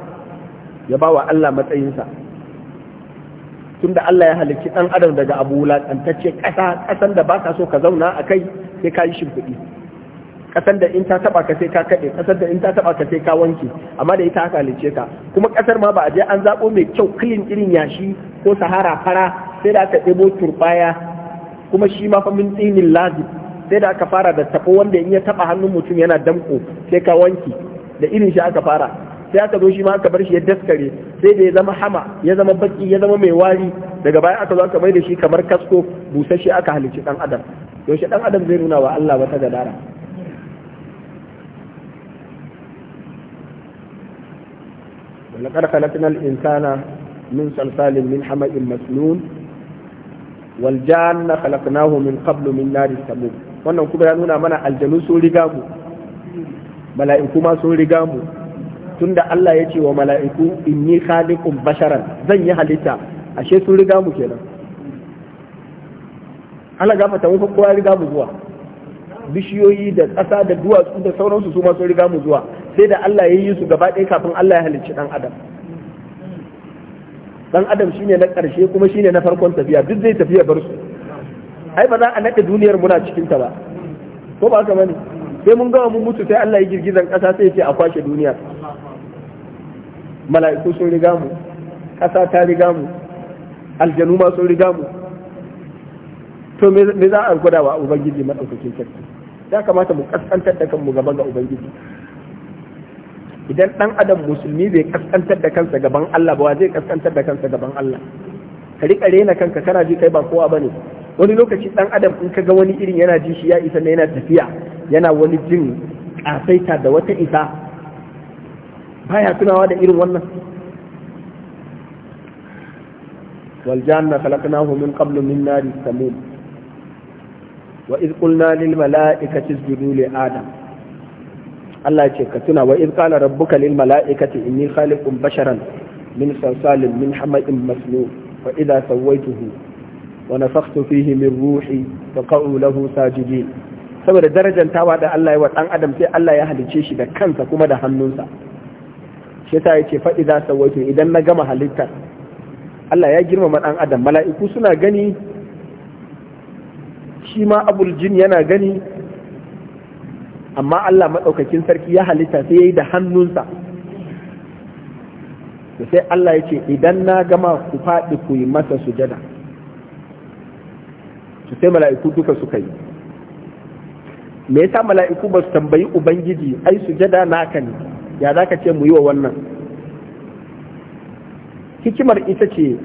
ya ba wa Allah matsayinsa tunda Allah ya halicci dan adam daga abu wulaƙantacce ƙasa ƙasan da ba so ka zauna a kai sai ka yi shimfiɗi kasar da in ta taba ka sai ka kaɗe kasar da in ta taba ka sai ka wanke amma da ita haka halice ka kuma kasar ma ba a je an zako mai kyau kilin irin yashi ko sahara fara sai da aka ɗebo turbaya kuma shi ma fa min tsinin lazi sai da aka fara da taɓo wanda in ya taba hannun mutum yana damƙo sai ka wanke da irin shi aka fara sai aka zo shi ma aka bar shi ya daskare sai da ya zama hama ya zama baki ya zama mai wari daga baya aka zo aka mai da shi kamar kasko busasshe aka halicci dan adam yaushe dan adam zai nuna wa Allah wata gadara ولقد خلقنا الإنسان من صلصال من حمأ مسنون والجان خلقناه من قبل من نار السموم wannan kuma ya nuna mana aljanu sun riga mu mala'iku ma sun riga mu tunda Allah ya ce wa mala'iku inni khaliqun basharan zan yi halitta ashe sun riga mu kenan Allah gafarta mu kowa riga mu zuwa bishiyoyi da ƙasa da duwatsu da sauransu su ma sun riga mu zuwa sai da Allah ya yi su gaba ɗaya kafin Allah ya halicci ɗan adam ɗan adam shine na ƙarshe kuma shine na farkon tafiya duk zai tafiya bar su ai ba za a naɗe duniyar muna cikin ta ba ko ba ka bane sai mun gawa mun mutu sai Allah ya girgizan ƙasa sai ya ce a kwashe duniya mala'iku sun riga mu ƙasa ta riga mu aljanu ma sun riga mu to me za a gwada wa ubangiji madaukakin sarki ya kamata mu ƙasƙantar da kanmu gaban ga ubangiji idan ɗan adam musulmi bai kaskantar da kansa gaban Allah ba zai kaskantar da kansa gaban Allah ka riƙa rena kanka kana ji kai ba kowa bane wani lokaci ɗan adam in ka ga wani irin yana ji shi ya isa ne yana tafiya yana wani jin kasaita da wata isa baya tunawa da irin wannan والجنة خلقناه من قبل من نار السموم وإذ قلنا للملائكة اسجدوا لآدم Allah ce ka tuna wa iz qala rabbuka lil mala'ikati inni khaliqun basharan min salsalin min hama'in masnu wa idha sawaituhu wa nafakhtu fihi min ruhi fa qa'u lahu sajidin saboda darajar tawa da Allah ya wa dan adam sai Allah ya halice shi da kansa kuma da hannunsa shi ta yace fa idha sawaitu idan na gama halittar Allah ya girmama dan adam mala'iku suna gani shi ma abul jin yana gani amma Allah maɗaukakin sarki ya halitta sai ya yi da hannunsa sai Allah ya ce idan na gama ku faɗi ku yi masa sujada su sai mala'iku duka suka yi me yasa mala'iku ba su tambayi ubangiji ai sujada naka ne ya za ka ce mu yi wa wannan hikimar ita ce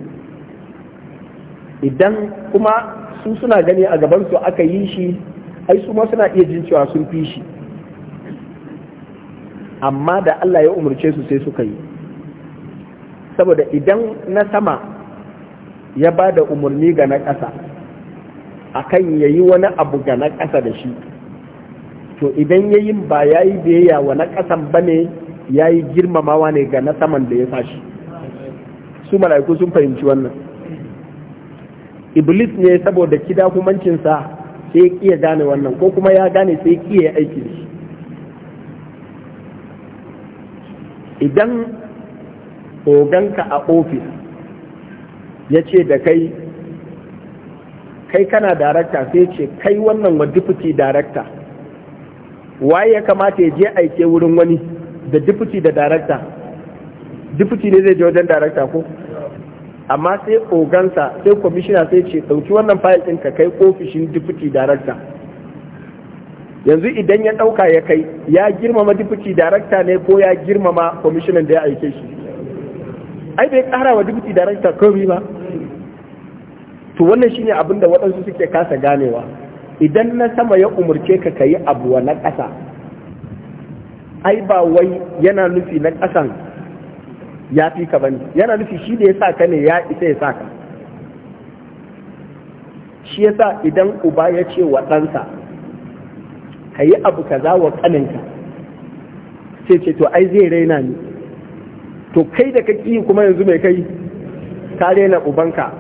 idan kuma su suna gani a gabansu aka yi shi ai su ma suna iya jin cewa sun fi shi amma da Allah ya umarce su sai suka yi saboda idan na sama ya ba da umarni ga na ƙasa akan ya yi wani abu ga na ƙasa da shi to idan ya yi ba ya yi biyayya wa na ƙasan ba ne ya yi girmamawa ne ga na saman da ya shi su mala'iku sun fahimci wannan iblis ne saboda kida kumancinsa sai ya gane wannan ko kuma ya gane sai ya aiki da shi idan oganka a ofis ya ce da kai kai kana darakta sai ce kai wannan wa deputy darakta waye ya kamata ya je aike wurin wani da deputy da darakta deputy ne zai je wajen darakta ko amma sai ogansa sai kwamishina sai ce ɗauki wannan fayil ɗinka kai ofishin deputy darakta yanzu idan ya ɗauka ya kai ya girmama deputy darakta ne ko ya girmama kwamishinan da ya aike shi ai bai ƙara wa deputy darakta komai ba to wannan shine abin da waɗansu suke kasa ganewa idan na sama ya umarce ka kayi abu wa na ƙasa ai ba wai yana nufi na ƙasan ya fi ka bane yana nufi shi da ya sa ka ne ya isa ya sa ka shi sa idan uba ya ce wa ɗansa ka yi abu za wa kaninka sai ce to ai zai raina ni to kai da ka ƙi kuma yanzu mai kai ka raina ubanka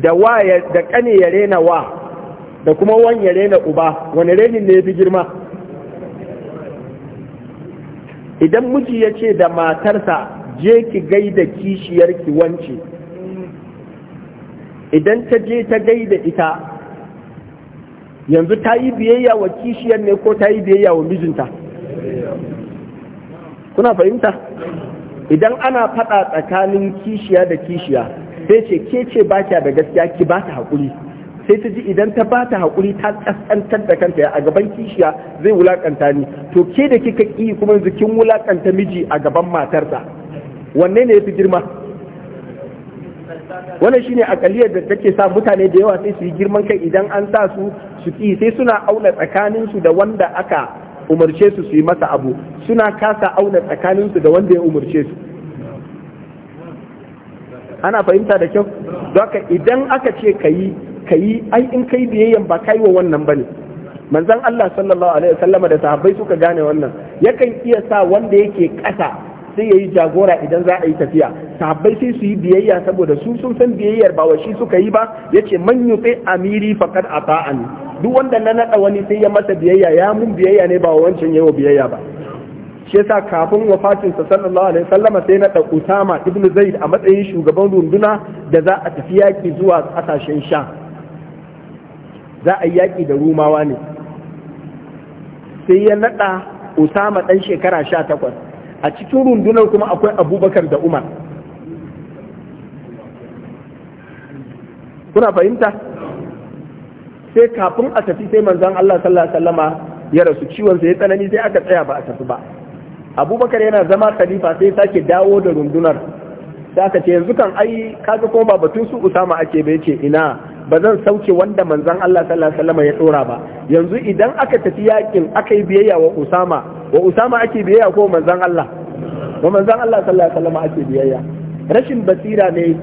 da wa da kane ya raina wa da kuma wan ya raina uba wani rainin ne ya fi girma idan miji ya ce da matarsa je ki gaida kishiyar ki wance idan ta je ta gaida ita yanzu ta yi biyayya wa kishiyar ne ko ta yi biyayya wa mijinta kuna fahimta idan ana faɗa tsakanin kishiya da kishiya sai ce ke ce ba da gaskiya ki ba ta haƙuri sai ta ji idan ta ba ta haƙuri ta ƙasƙantar da kanta a gaban kishiya zai wulaƙanta ni to ke da kika ƙi kuma yanzu kin wulaƙanta miji a gaban matarsa wanne ne ya fi girma wannan shine akaliyar da take sa mutane da yawa sai su yi girman kai idan an sa su su ki sai suna auna tsakanin su da wanda aka umarce su su yi masa abu suna kasa auna tsakanin su da wanda ya umarce su ana fahimta da kyau doka idan aka ce kayi kayi ai in kai biyayyan ba kai wa wannan bane manzon Allah sallallahu alaihi wasallama da sahabbai suka gane wannan yakan iya sa wanda yake kasa sai ya yi jagora idan za a yi tafiya sahabbai sai su yi biyayya saboda su sun san biyayyar ba wa shi suka yi ba yace man sai amiri faqad ata'ani duk wanda na nada wani sai ya masa biyayya ya mun biyayya ne ba wancan yayi biyayya ba shi yasa kafin wafatin sa sallallahu alaihi wasallam sai na da Usama ibn Zaid a matsayin shugaban runduna da za a tafi yaki zuwa kasashen sha za a yi yaki da Rumawa ne sai ya nada Usama dan shekara 18 a cikin rundunar kuma akwai abubakar da umar kuna fahimta sai kafin a tafi sai manzan Allah sallallahu alaihi ya rasu ciwon sai tsanani sai aka tsaya ba a tafi ba abubakar yana zama khalifa sai sake dawo da rundunar sai aka ce yanzu kan ai kaga kuma ba batun su usama ake bai ce ina ba zan sauke wanda manzan Allah sallallahu alaihi ya dora ba yanzu idan aka tafi yakin aka yi biyayya wa usama wa usama ake biyayya ko manzan Allah wa manzan Allah sallallahu alaihi wasallam ake biyayya rashin basira ne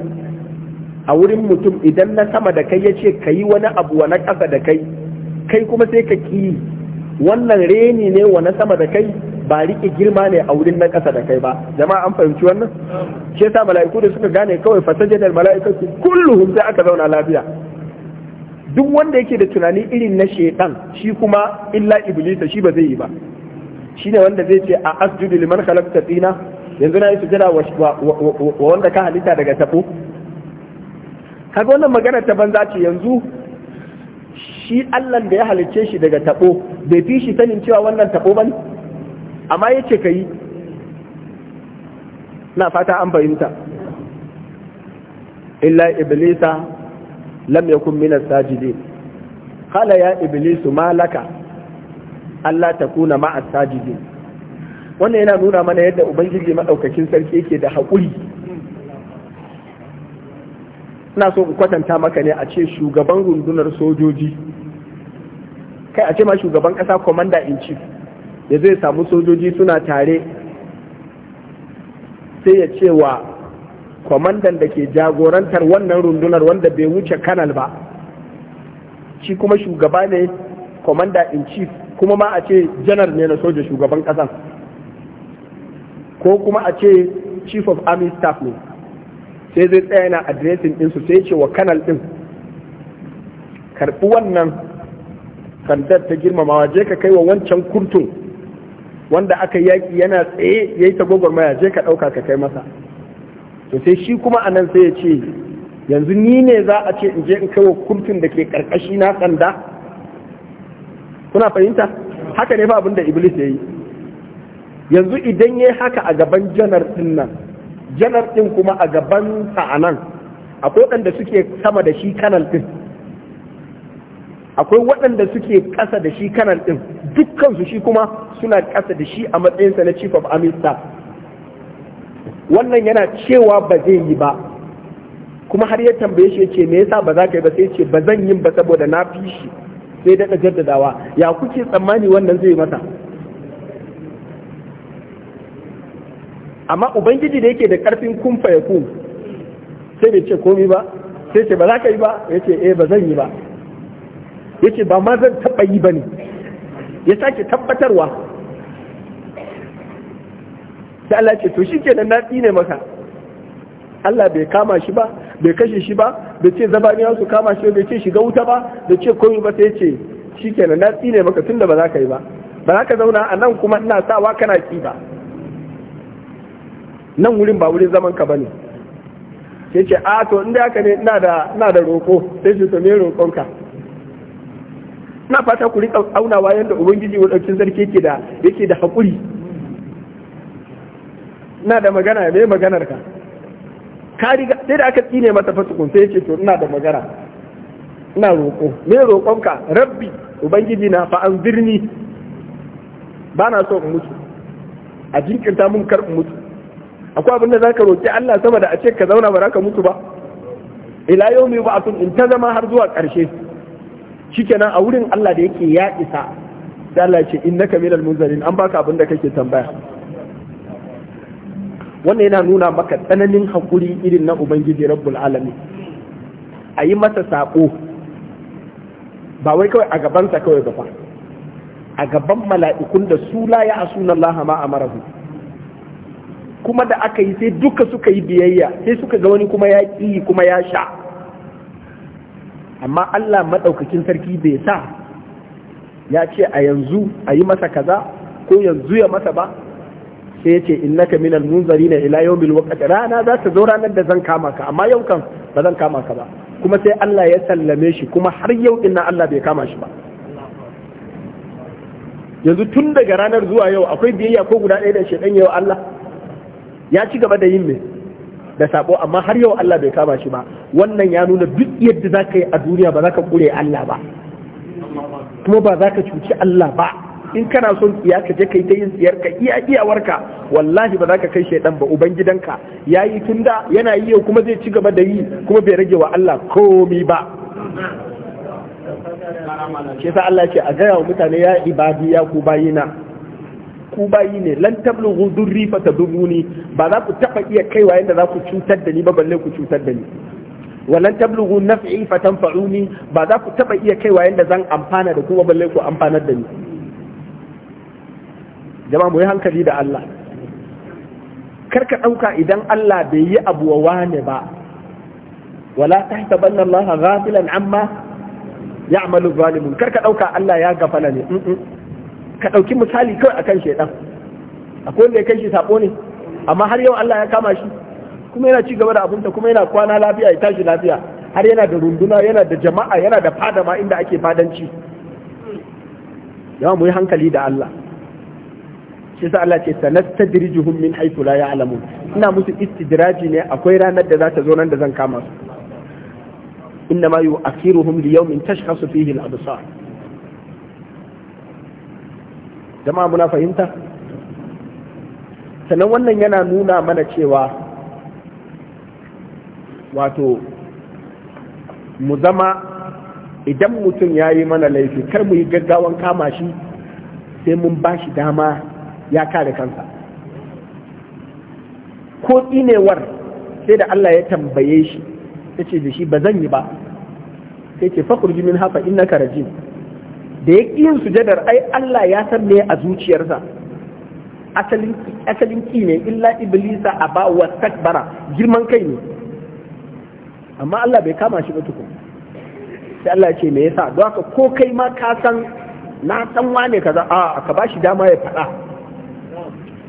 a wurin mutum idan na sama da kai yace kai wani abu wa na ƙasa da kai kai kuma sai ka ki wannan reni ne wa na sama da kai ba rike girma ne a wurin na ƙasa da kai ba jama'a an fahimci wannan shi yasa mala'iku da suka gane kawai fasajjadal mala'ikatu kulluhum sai aka zauna lafiya duk wanda yake da tunani irin na shedan shi kuma illa iblisa shi ba zai yi ba Shi ne wanda zai ce a asjudu liman khalaqta tina yanzu na yi sujada wa wanda ka halitta daga tafu kaga wannan magana ta banza ce yanzu shi Allah da ya halicce shi daga tabo bai fi shi sanin cewa wannan tabo bane amma yace kai na fata an fahimta illa iblisa lam yakun min as-sajidin qala ya iblisu ma Allah ta kuna ma'a sajidi wannan yana nuna mana yadda ubangiji maɗaukakin sarki yake da haƙuri ina so in kwatanta maka ne a ce shugaban rundunar sojoji kai a ce ma shugaban ƙasa commander in chief ya zai samu sojoji suna tare sai ya ce wa kwamandan da ke jagorantar wannan rundunar wanda bai wuce kanal ba shi kuma shugaba ne commander in chief kuma ma a ce janar ne na soja shugaban kasan ko kuma a ce chief of army staff ne sai zai tsaya na din ɗinsu sai ce wa kanal ɗin karɓi wannan sandar ta girmamawa je ka kai wa wancan kurtun wanda aka yaki yana tsaye ya yi ta maya, je ka ɗauka ka kai masa to sai shi kuma a nan sai ya ce yanzu ni ne za a ce in je in kai wa kurtun da ke ƙarƙashi na sanda kuna fahimta haka ne fa abin da iblis ya yi yanzu idan ya haka a gaban janar din nan janar din kuma a gaban sa a nan akwai waɗanda suke sama da shi kanal ɗin. akwai waɗanda suke ƙasa da shi kanal din dukkansu shi kuma suna ƙasa da shi a matsayinsa na chief of army staff wannan yana cewa ba zai yi ba kuma har ya tambaye shi ya ce me yasa ba za ka yi ba sai ce ba zan yi ba saboda na fi shi sai daɗa jaddadawa ya kuke tsammani wannan zai mata? amma ubangiji da yake da ƙarfin kumfa ya ku sai bai ce komi ba sai ce ba za ka yi ba ya ce eh ba zan yi ba ya ce ba ma zan taɓa yi ba ne ya sake tabbatarwa sai Allah ce to shi kenan na tsine maka Allah bai kama shi ba bai kashe shi ba bai ce zabaniya su kama shi bai ce shiga wuta ba bai ce komai ba sai ce shikenan na tsine maka da ba za ka yi ba ba za ka zauna a nan kuma ina sawa kana ki ba nan wurin ba wurin zaman ka ne sai ce a ah, to inda haka ne ina da ina da roko sai shi to me ka ina fata ku rika aunawa yadda ubangiji wadaukin sarki yake da yake da haƙuri ina da magana me maganar ka ka sai da aka tsine masa fatukun sai ce to ina da magana ina roƙo me roƙonka rabbi ubangiji na fa birni. ba na so in mutu a jinkirta mun kar in mutu akwai abin da zaka roƙi Allah sama da a ce ka zauna ba ka mutu ba ila yawmi sun in ta zama har zuwa ƙarshe shikenan a wurin Allah da yake ya isa sai Allah ya ce innaka minal munzalin an baka abin da kake tambaya wannan yana nuna maka tsananin haƙuri irin na ubangiji rabbul alamin a yi masa saƙo ba wai kawai a gabansa kawai ba a gaban mala'ikun da su la ya asuna Allah ma marahu kuma da aka yi sai duka suka yi biyayya sai suka ga wani kuma ya ƙi kuma ya sha amma Allah maɗaukakin sarki bai sa ya ce a yanzu a yi masa kaza ko yanzu ya masa ba sai ya ce innaka minal munzarina ila yawmil waqt rana za ta zo ranar da zan kama ka amma yau kan ba zan kama ka ba kuma sai Allah ya sallame shi kuma har yau inna Allah bai kama shi ba yanzu tun daga ranar zuwa yau akwai biyayya ko guda ɗaya da shedan yau Allah ya ci gaba da yin me da sabo amma har yau Allah bai kama shi ba wannan ya nuna duk yadda za ka yi a duniya ba za ka kure Allah ba kuma ba za ka cuci Allah ba in kana son tsiya ka je kai ta yin siyar ka iya iyawarka wallahi ba za ka kai shaidan ba ubangidanka Ya yi tun da, yana yi yau kuma zai ci gaba da yi kuma bai rage wa Allah komi ba ke sa Allah ce a gaya wa mutane ya ibadi ya ku bayina ku bayi ne lan tablughu durri fatadurruni ba za ku taba iya kaiwa yanda za ku cutar da ni ba balle ku cutar da ni walan tablughu naf'i fatanfa'uni ba za ku taba iya kaiwa yanda zan amfana da kuma balle ku amfanar da ni jama'a mu yi hankali da Allah karka ɗauka idan Allah bai yi abu wa wane ba wala tahtabanna Allah ghafilan amma ya amalu zalimun karka ɗauka Allah ya gafala ne ka ɗauki misali kawai akan shaidan akwai wanda ya kai shi sabo ne amma har yau Allah ya kama shi kuma yana ci gaba da abunta kuma yana kwana lafiya ya tashi lafiya har yana da runduna yana da jama'a yana da fada ma inda ake fadanci yawa mu yi hankali da Allah shi sa Allah ce sanastadrijuhum min haythu la alamu ina musu istidraji ne akwai ranar da za ta zo nan da zan kama su inna ma yu'akhiruhum li yawmin tashkhasu fihi al-absar jama'a muna fahimta sannan wannan yana nuna mana cewa wato mu zama idan mutum ya yi mana laifi kar mu yi gaggawan kama shi sai mun ba shi dama ya kare kansa ko tsinewar sai da Allah ya tambaye shi ya ce da shi ba zan yi ba sai ce fakur jimin hafa ina ka da ya ƙi yin sujadar ai Allah ya san me a zuciyarsa asalin ƙi ne illa iblisa a ba wa takbara girman kai ne amma Allah bai kama shi ba tukun sai Allah ce me yasa don haka ko kai ma ka san na san wane kaza a ka ba shi dama ya faɗa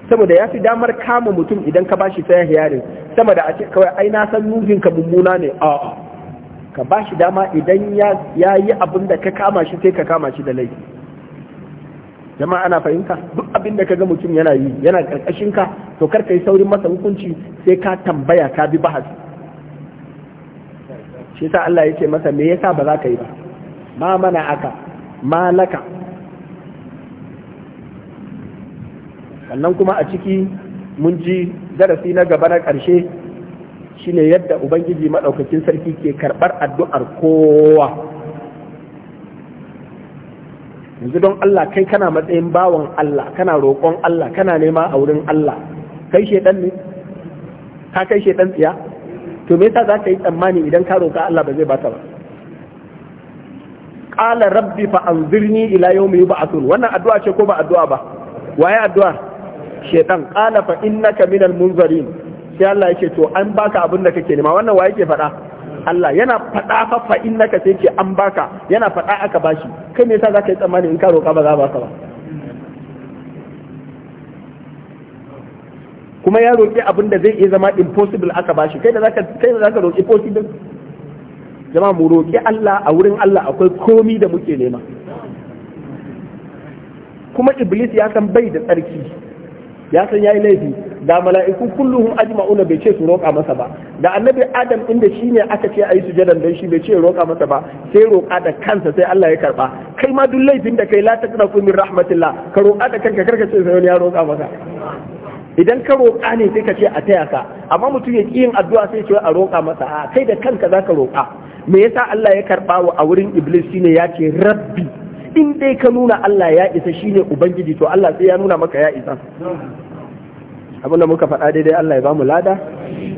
saboda ya fi damar kama mutum idan ka bashi fair ne, sama da a ce kawai ai na san nufin ka mummuna ne a'a ka ba shi dama idan ya yi abin da ka kama shi sai ka kama shi da laifi jama'a ana fahimta duk abin da ga mutum yana yi yana karkashin ka to kar ka yi saurin masa hukunci sai ka tambaya ka bi bahasi shi sa Allah ya ce masa me yasa ba za ka yi ba ma mana aka ma laka sannan kuma a ciki mun ji darasi na gaba na ƙarshe shine yadda ubangiji maɗaukakin sarki ke karɓar addu'ar kowa yanzu don Allah kai kana matsayin bawan Allah kana roƙon Allah kana nema a wurin Allah kai shaidan ne ka kai shaidan tsiya to me yasa za ka yi tsammani idan ka roƙa Allah ba zai bata ba qala rabbi fa anzirni ila yawmi yub'athun wannan addu'a ce ko ba addu'a ba waye addu'a shaitan qala fa innaka minal munzarin sai Allah yake to an baka abin da kake nema wannan wa yake faɗa Allah yana faɗa fa fa innaka sai yake an baka yana faɗa aka bashi kai me yasa zaka yi tsammani in ka roƙa ba za baka ba kuma ya roƙi abin da zai iya zama impossible aka bashi kai da zaka kai da zaka roƙi possible jama'a mu roƙi Allah a wurin Allah akwai komi da muke nema kuma iblis ya san bai da tsarki ya san yayi laifi da mala'iku kulluhum ajma'una bai ce su roƙa masa ba da annabi adam inda shine aka ce ayi sujadan dan shi bai ce roƙa masa ba sai roƙa da kansa sai Allah ya karba kai ma duk laifin da kai la taqrafu min rahmatillah ka roƙa da kanka karka ce sai ya roƙa maka idan ka roƙa ne sai ka ce a taya ka amma mutum ya yin addu'a sai ce a roƙa masa a kai da kanka zaka roƙa me yasa Allah ya karba wa a wurin iblis shine ya ce rabbi in dai ka nuna Allah ya isa shi ne ubangiji to Allah sai ya nuna maka ya isa abinda muka faɗa daidai Allah ya bamu lada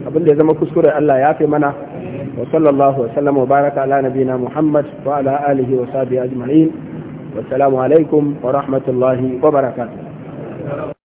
abinda ya zama kuskure Allah ya fi mana wa sallallahu wa sallam wa baraka ala nabina Muhammad wa ala alihi wa sahbihi ajma'in wa assalamu alaikum wa rahmatullahi wa barakatuh